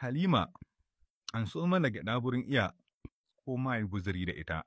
Halima, an so mana gyaɗa wurin iya ko ma yi guzuri da ita.